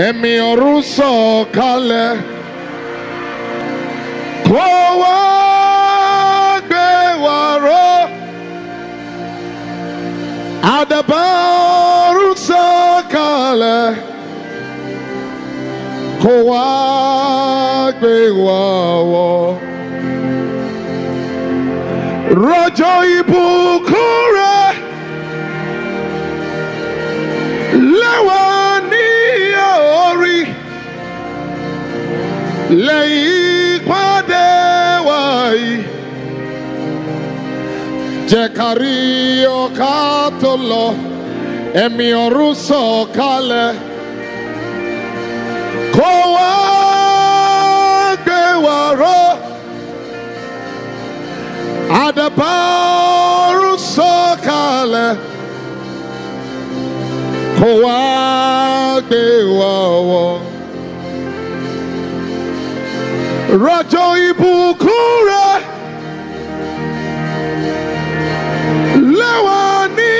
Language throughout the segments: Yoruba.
ẹ̀mí ọ̀run sọ̀kalẹ̀ kó wá gbé wa ró àdàbà ọ̀run sọ̀kalẹ̀ kó wá gbé wa wọ̀ rọ̀jò ìbùkún. lẹ́yìn pàdé wáyé jẹ́ kárí ọ̀ká tó lọ ẹ̀mí ọ̀run sọ̀kalẹ̀ kó wá gbé wá ró àdàbà rọ̀jò ìbùkún rẹ lẹ́wà ní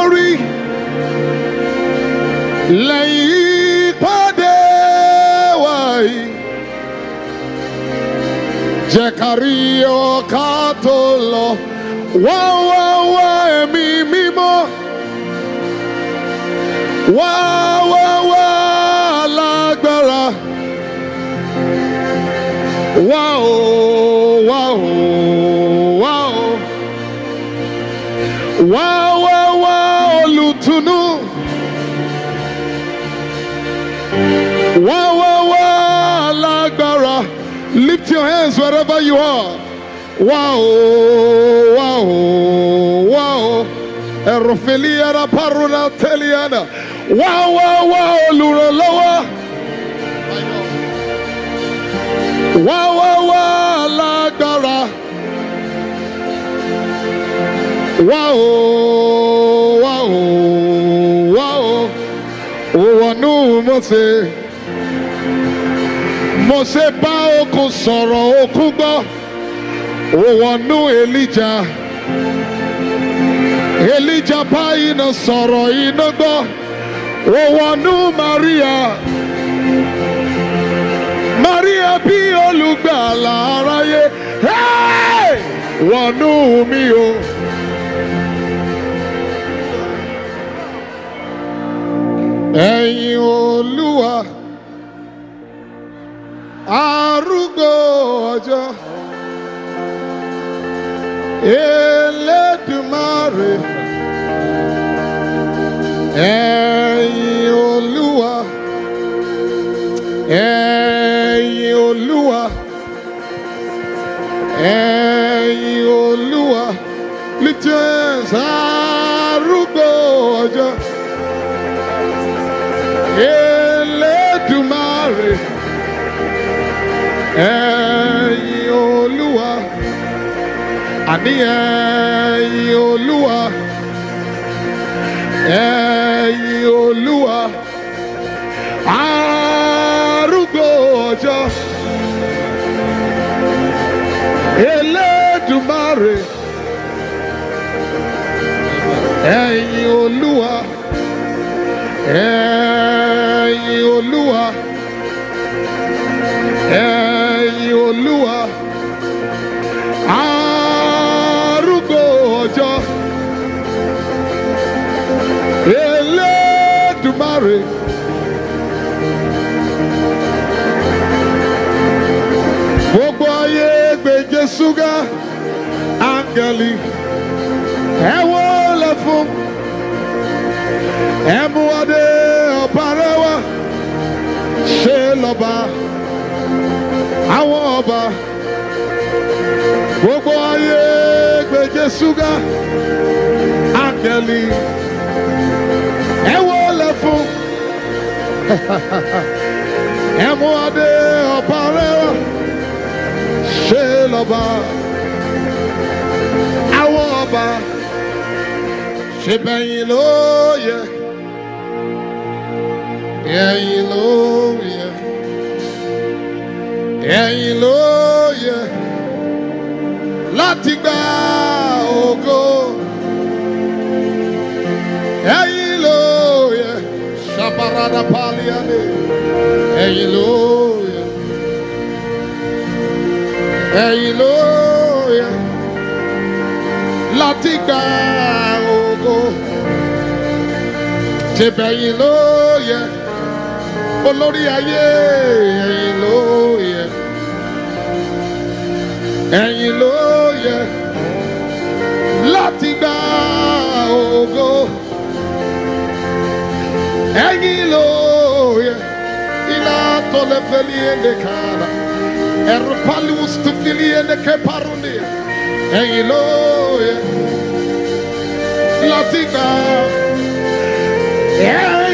orí lẹ́yìn ìpàdé wáyé jẹ́ kárí ọ̀ká tó lọ wá wá wá ẹ̀mí mímọ́ wá. Wow! Wow! Wow! Wow! Wow! Wow! Lutunu. wow! Wow! Wow! Lagbara. Lift your hands wherever you are. Wow! Wow! Wow! Erofeliana paruna teliana. Wow! Wow! whoa, Luroloa. wa-wa-wa la-gbara wahoo wahoo wahoo ụwa n'uhùn mọsị mọsị bá okùn sọ̀rọ̀ okúngọ ụwa n'uhùn elija elija bá yí na sọ̀rọ̀ yí n'ógọ wụwa n'uhùn maria Maria bí olùgbàlà aráyé wọnú mi o. Ẹ̀yin Olúwa arúgbó ọjọ́ Elédùmarè ẹ̀yin Olúwa. Ẹ̀yin olúwa ẹ̀yìn olúwa lichens arúgbó ọjọ́ elédùmarè ẹ̀yìn olúwa àní ẹ̀yìn olúwa ẹ̀yìn. Olua, ẹ̀yin Olua, ẹ̀yin Olua, arúgbó ọjọ́ elédùmarè. gbogbo ayé gbèjé áńgẹ́lì ẹ̀wọ̀n. ẹ̀múwádé ọba rẹwà ṣe lọ́ba àwọn ọba gbogbo ayé gbèjé ṣúgà áńgẹ́lì ẹ̀wọ́ lẹ́fún ẹ̀múwádé ọba rẹwà ṣe lọ́ba àwọn ọba ṣe bẹ̀yìn lóye. Hallelujah. Hallelujah. Láti gba ògo. Hallelujah. Shabarada paliade. Hallelujah. Hallelujah. Láti gba ògo. Tibẹ̀yìn lóye. Yeah olórí ayé ẹ̀yin ló yẹ ẹ̀yin ló yẹ láti gba ògo ẹ̀yin ló yẹ ilá tọ́lẹ̀ fẹ́lẹ́ ẹ̀dẹ kára ẹ̀rù paliwus tó fili ẹ̀dẹ kẹ́parun ni ẹ̀yin ló yẹ láti gba ẹ̀yin.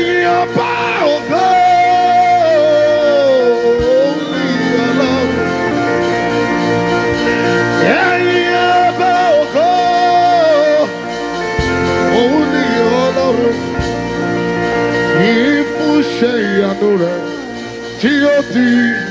Nure, T.O.T.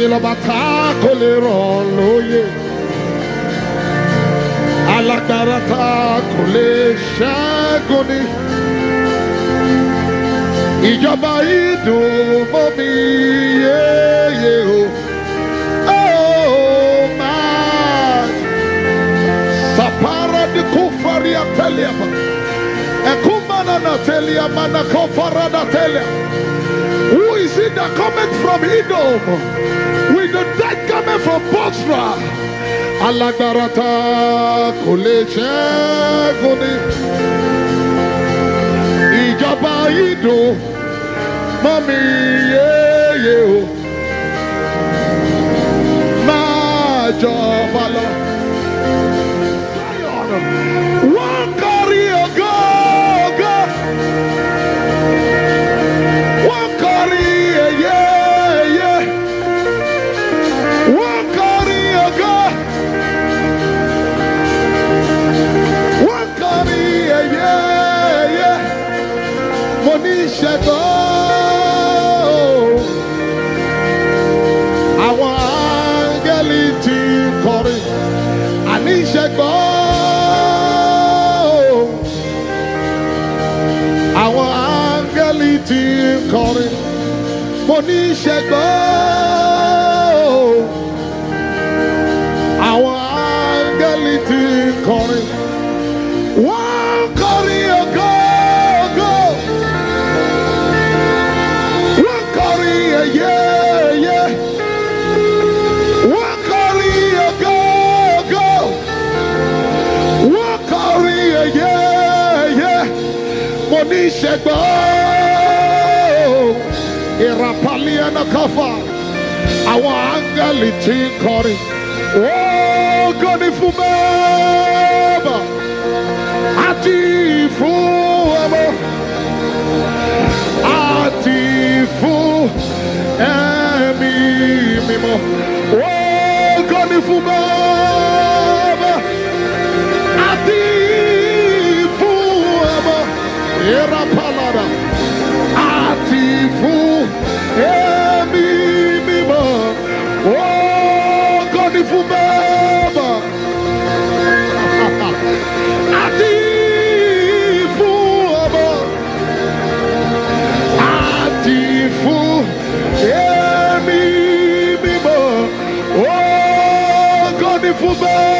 ayé lọ́ba tá kò lè rọ̀ lóyè alágbára tá kò lè ṣẹ́gun ni ìjọba oh, Sapara di kufaria telia, ekumana na telia mana kofara na he that cometh from Edom with the dead cometh from Bosra. Alágbára ta kò lè ṣẹ́gun ni. Ìjọba ìdùn o. Máa jọba mo ní ìṣẹ́gun àwọn áńgẹ́lì ti kọrin wọ́n kọrin ògo wọ́n kọrin ẹ̀yẹ ẹ̀yẹ Rapali na kafa àwọn áńgẹ́lì tí ń kọrin ògo oh, ni àti fún àti fún ẹ̀mí mímọ́ ògo oh, ni fún bàbá àti fún wonderful Baba. Atifu Baba. Atifu Emi Bibo. Baba. Baba.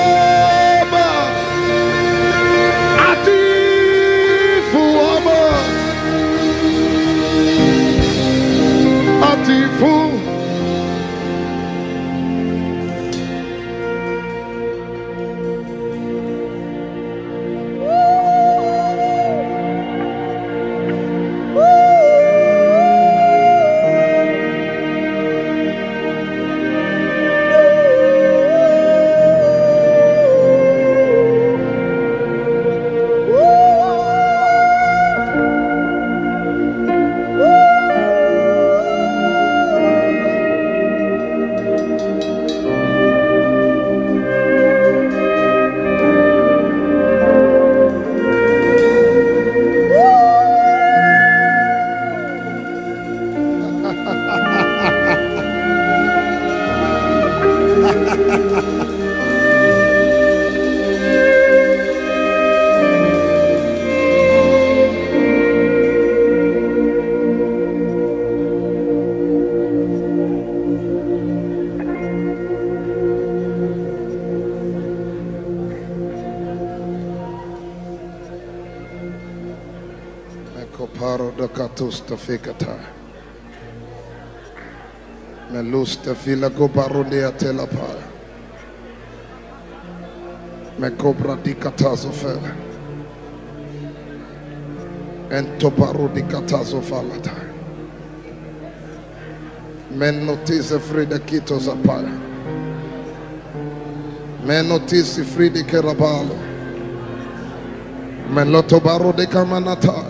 Koparo da Katusta Fekata. Melusta Fila Gobaro Dea Telapa. Mekobra di Katazofel. And Tobaro di Katazofalata. Men notice Frida Kitos Apara. Men notice Frida Kerabalo. Men Lotobaro de Kamanata.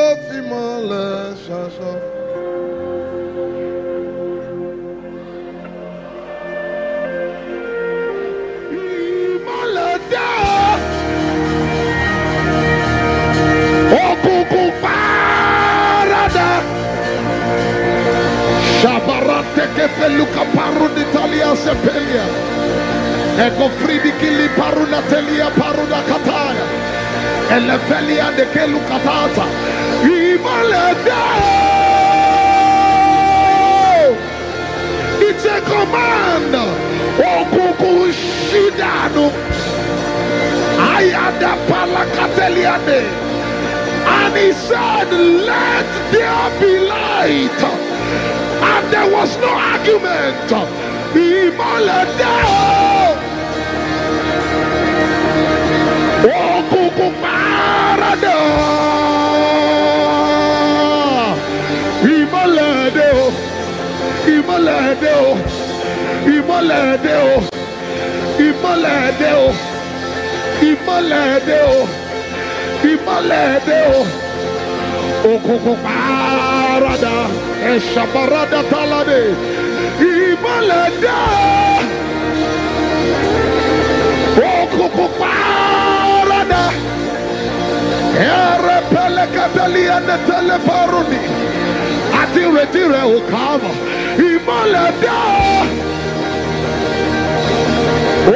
argument. Ìmọ̀lẹ̀ dé o. Òkùnkùn pààrọ̀ dé o. Ìmọ̀lẹ̀ dé o. Ìmọ̀lẹ̀ dé o. Ìmọ̀lẹ̀ dé o. Ìmọ̀lẹ̀ dé o. Ìmọ̀lẹ̀ dé o. Ìmọ̀lẹ̀ dé o. Òkùnkùn pààrọ̀ dé o. Ẹ̀ṣàbàràdà táládé mọ́lẹ̀ dá. Òkùnkùn pààrọ̀ dá. Ẹ̀rẹ̀ pẹlẹkẹtẹlẹ ẹni tẹlẹ fárún ni. Àti ìrètí rẹ̀ ò káàmọ̀. Ìmọ̀lẹ̀ dá.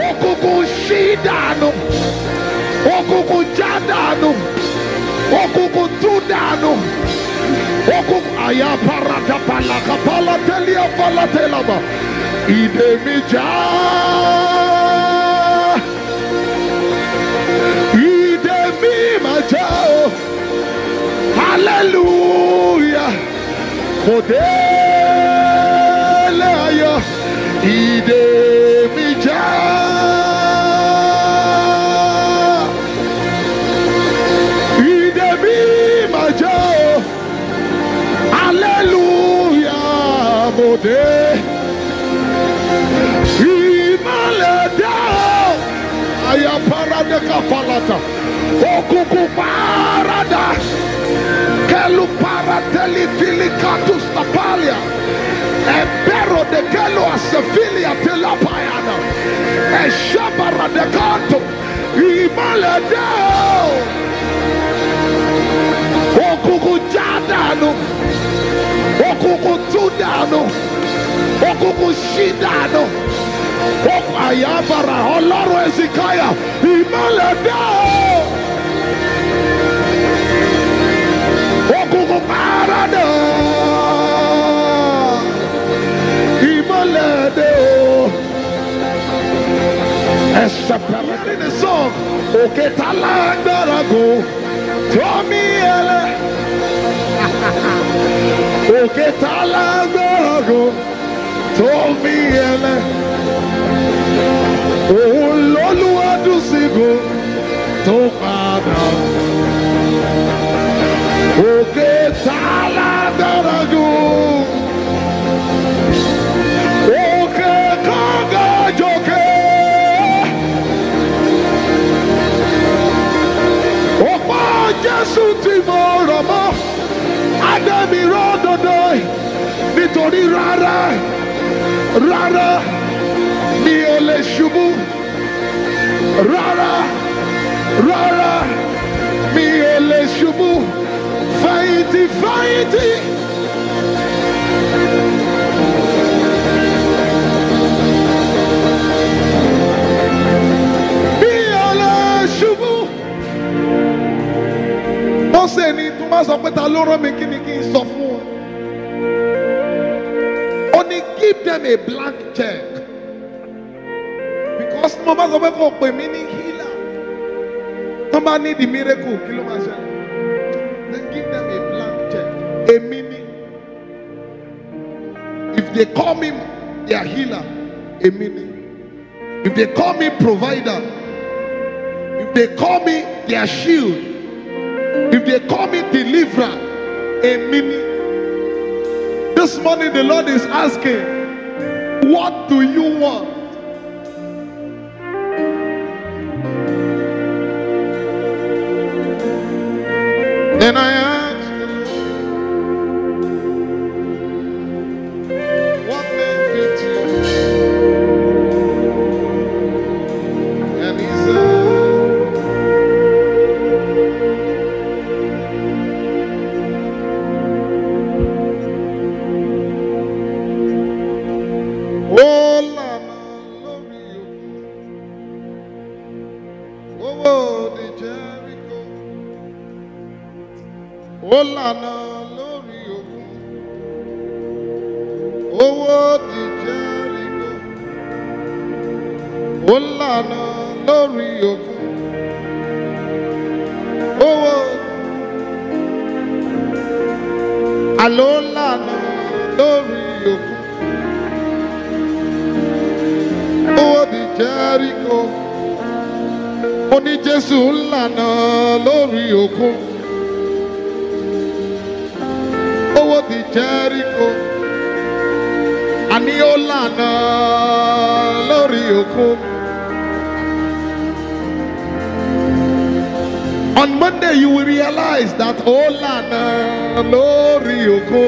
Òkùnkùn ṣí dànù. Òkùnkùn já dànù. Òkùnkùn tú dànù. Okum ayapara tapala kapala telia fala telaba. ìdèmíjà ìdèmíjà o hallelujah mo délé ayọ̀ ìdèmíjà. Hallelujah, mo kuku parada kelu parateli filikatus tapalia ebero de kelo asefilia telapayana eshebara de kanto imaledeo okukujadanu okukutudanu okukushidanu okuayabara ọlọ́run ezikaya imaledeo. I'm dé to ẹsẹ̀ pẹ̀lú nínú sọ́ọ̀ òkè tá lágbára gò tómi ẹlẹ́. òkè gò tó O que tá lá O que caga de o que? O Pai Jesus te rara, rara. mighty. mọ́sẹ̀ ni tó máa sọ pé ta ló rán mi kí ni kí n sọ fún give them a blank check because mo máa sọ pé kò pè mí ní healer tó bá ní miracle they call me their healer, a meaning. If they call me provider, if they call me their shield, if they call me deliverer, a meaning. This morning the Lord is asking, what do you want? àná lórí òkun owó àlọ́ lànà lórí òkun owó di Jẹ́ríkò ó ní Jésù lànà lórí òkun owó di Jẹ́ríkò àní ó lànà lórí òkun. On Monday, you will realize that Olana no Ryoko.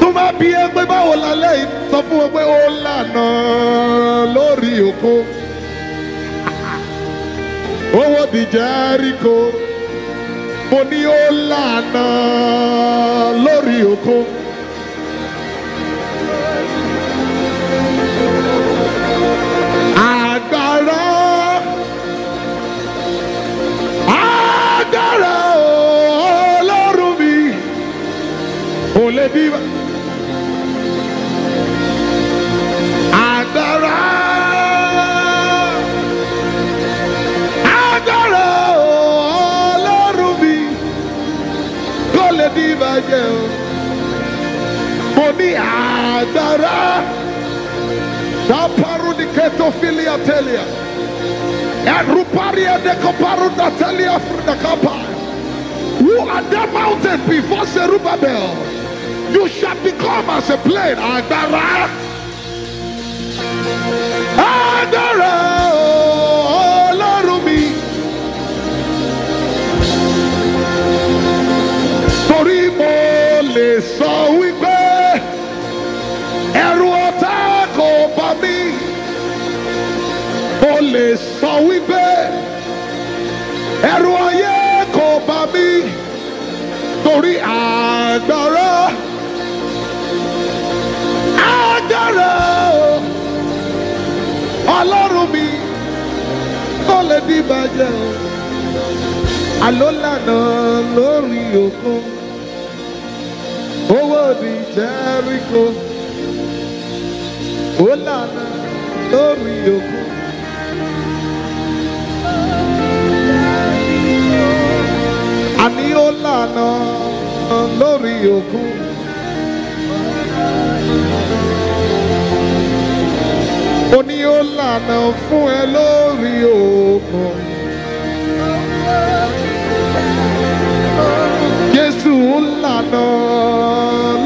Tó bá bí ẹgbẹ́ báwo lálẹ́ yìí sọ fún wọn pé Olana lórí oko. Owó di Jẹ́ríkò. Mo ní Olana lórí oko. viva. Adora. Adora ola mi kó lè bí Boni o. Mo ní àgbára. Taparu ni ketofilia telia. Eruparia de koparu da from the kapa. Who are the mountain before Serubabel? You shall become as a plane. Adara. Adara. Ọlọ́run oh, mi. Torí mo lè sọ wípé ẹ̀rù ọ̀tá kò bá mi. Mo lè sọ wípé ẹ̀rù ayé kò bá mi. Torí àgbà. dára o ọlọ́run mi kò lè di ìbàjẹ́ o àló lànà lórí òkun owó di Jẹ́ríkò ó lànà lórí òkun. Àní ó lànà lórí òkun. ó ní ó lànà fún ẹ lórí òkun. Jésù ń lànà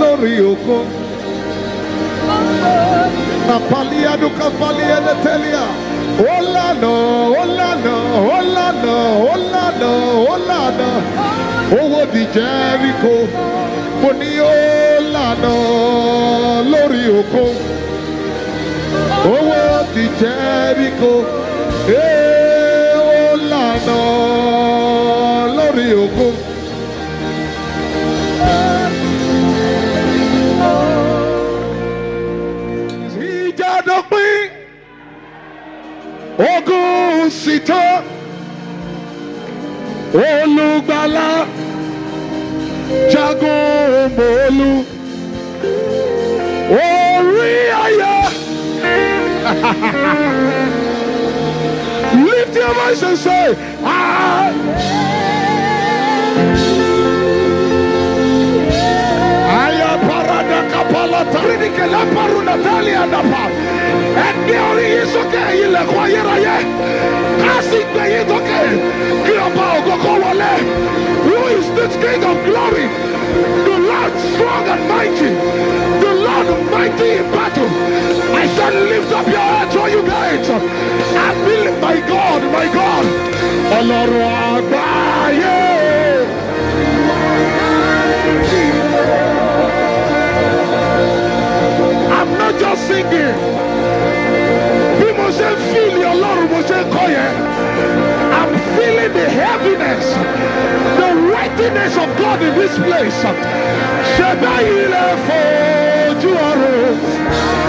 lórí òkun. Nàpàlíyá dúkà fàlíyá lẹ́tẹ́líyà. Ó lànà, ó lànà, ó lànà, ó lànà, ó lànà. Owó di Jẹ́ríkò. Mo ní ó lànà lórí òkun owó ti Jẹ́ríkò eh, ó lànà lórí òkun. ìjà dópin ogun sì tán olùgbàlà jagun mòólù. Lift your voice and say, ah. Who is this king of glory? The Lord strong and mighty, the Lord mighty in battle lift up your hands for you guys. I believe, my God, my God. I'm not just singing. We must ṣe ń fíìlì Ọlọ́run mo ṣe ń kọ́ yẹn. I'm feeling the heaviness, the weightiness of God in this place. Ṣé báyìí lè fojú